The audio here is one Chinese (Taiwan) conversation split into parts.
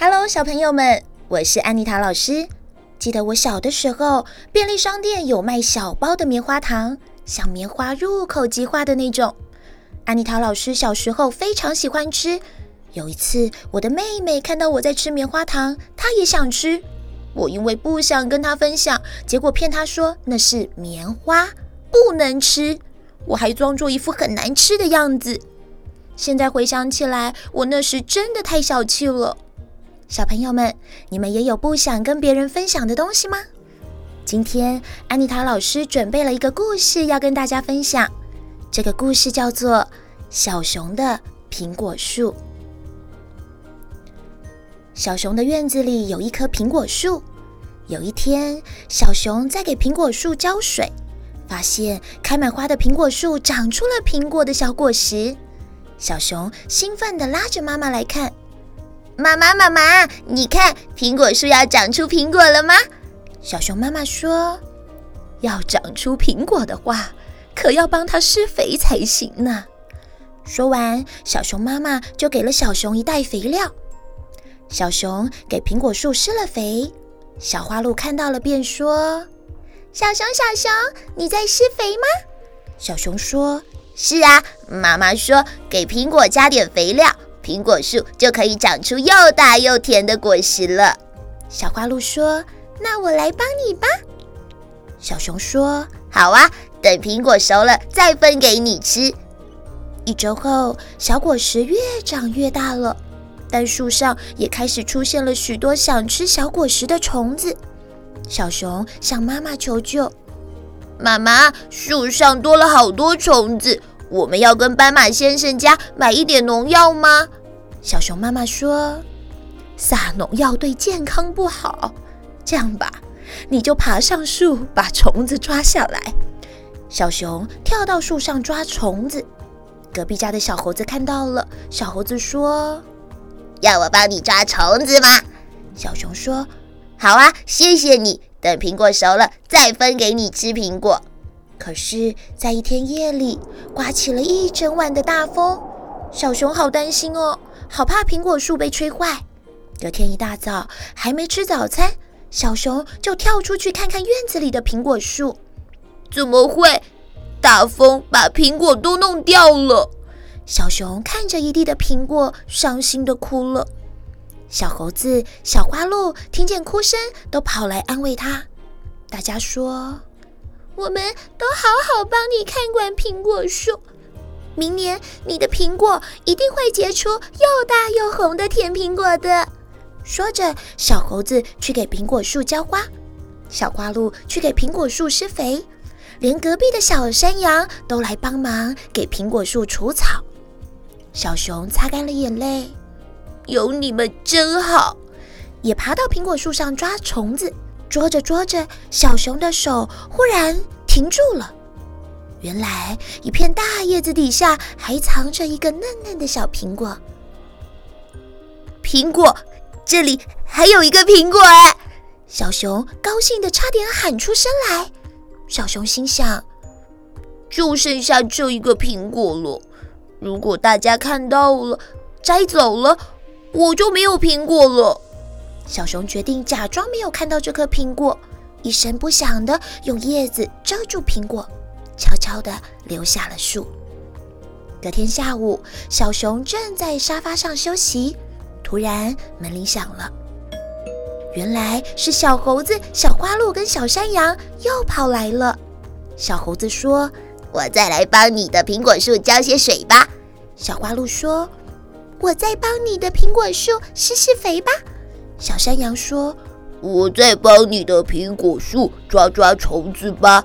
哈囉，小朋友們，我是安妮塔老師。記得我小的時候，便利商店有賣小包的棉花糖，像棉花入口即化的那種。安妮塔老師小時候非常喜歡吃。有一次，我的妹妹看到我在吃棉花糖，她也想吃。我因為不想跟她分享，結果騙她說那是棉花，不能吃。我還裝作一副很難吃的樣子。現在回想起來，我那時真的太小氣了。小朋友們，你們也有不想跟別人分享的東西嗎？今天安妮塔老師準備了一個故事要跟大家分享，這個故事叫做《小熊的蘋果樹》。小熊的院子裡有一棵蘋果樹，有一天，小熊在給蘋果樹澆水，發現開滿花的蘋果樹長出了蘋果的小果實。小熊興奮地拉着媽媽來看。媽媽，媽媽，你看蘋果樹要長出蘋果了嗎？小熊媽媽說：“要長出蘋果的話，可要幫它施肥才行呢。”說完，小熊媽媽就給了小熊一袋肥料。小熊給蘋果樹施了肥。小花鹿看到了，便說：“小熊，小熊，你在施肥嗎？”小熊說：“是啊，媽媽說給蘋果加點肥料。”蘋果樹就可以長出又大又甜的果實了。小花鹿說：“那我來幫你吧。”小熊說：“好啊，等蘋果熟了再分給你吃。”一周後，小果實越長越大了，但樹上也開始出現了許多想吃小果實的蟲子。小熊向媽媽求救：“媽媽，樹上多了好多蟲子，我們要跟斑馬先生家買一點農藥嗎？”小熊媽媽說：“撒農藥對健康不好，這樣吧，你就爬上樹把蟲子抓下來。”小熊跳到樹上抓蟲子。隔壁家的小猴子看到了，小猴子說：“要我幫你抓蟲子嗎？”小熊說：“好啊，謝謝你。等蘋果熟了再分給你吃蘋果。”可是，在一天夜裡，颳起了一整晚的大風。小熊好擔心哦，好怕蘋果樹被吹壞。隔天一大早還沒吃早餐，小熊就跳出去看看院子裡的蘋果樹。怎麼會？大風把蘋果都弄掉了。小熊看着一地的蘋果，傷心地哭了。小猴子、小花鹿聽見哭聲，都跑來安慰他。大家說：“我們都好好幫你看管蘋果樹。”明年你的蘋果一定會結出又大又紅的甜蘋果的。說着，小猴子去給蘋果樹澆花，小花鹿去給蘋果樹施肥，連隔壁的小山羊都來幫忙給蘋果樹除草。小熊擦乾了眼淚，有你們真好，也爬到蘋果樹上抓蟲子，捉着捉着，小熊的手忽然停住了。原來一片大葉子底下還藏着一個嫩嫩的小蘋果。蘋果，這裡還有一個蘋果哎！小熊高興的差點喊出聲來。小熊心想：就剩下這一個蘋果了，如果大家看到了摘走了，我就沒有蘋果了。小熊決定假裝沒有看到這顆蘋果，一聲不響的用葉子遮住蘋果。悄悄地留下了樹。隔天下午，小熊正在沙發上休息，突然門鈴響了。原來是小猴子、小花鹿跟小山羊又跑來了。小猴子說：“我再來幫你的蘋果樹澆些水吧。”小花鹿說：“我再幫你的蘋果樹施施肥吧。”小山羊說：“我再幫你的蘋果樹抓抓蟲子吧。”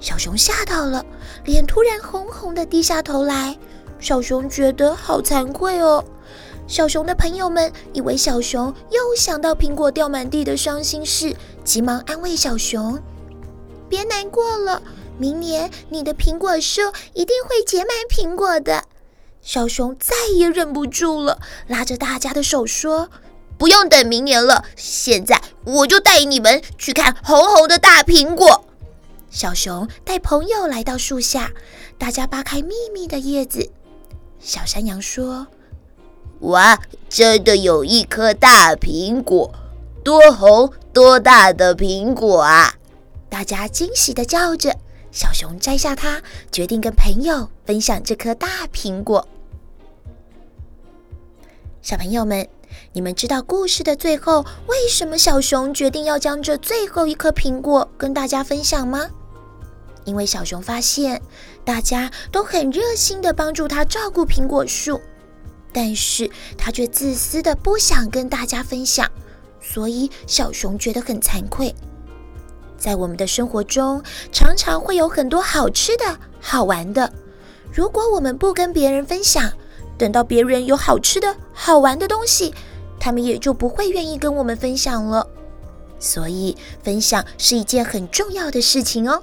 小熊嚇到了，臉突然紅紅的，低下頭來。小熊覺得好慚愧哦。小熊的朋友們以為小熊又想到蘋果掉滿地的傷心事，急忙安慰小熊：“別難過了，明年你的蘋果樹一定會結滿蘋果的。”小熊再也忍不住了，拉着大家的手說：“不用等明年了，現在我就帶你們去看紅紅的大蘋果。”小熊帶朋友來到樹下，大家扒開密密的葉子。小山羊說：“哇，真的有一顆大蘋果！多紅多大的蘋果啊！”大家驚喜的叫着。小熊摘下它，決定跟朋友分享這顆大蘋果。小朋友們，你們知道故事的最後，為什麼小熊決定要將這最後一顆蘋果跟大家分享嗎？因為小熊發現，大家都很熱心的幫助他照顧蘋果樹，但是他卻自私的不想跟大家分享，所以小熊覺得很慚愧。在我們的生活中，常常會有很多好吃的好玩的，如果我們不跟別人分享，等到別人有好吃的好玩的東西，他們也就不會願意跟我們分享了。所以，分享是一件很重要的事情哦。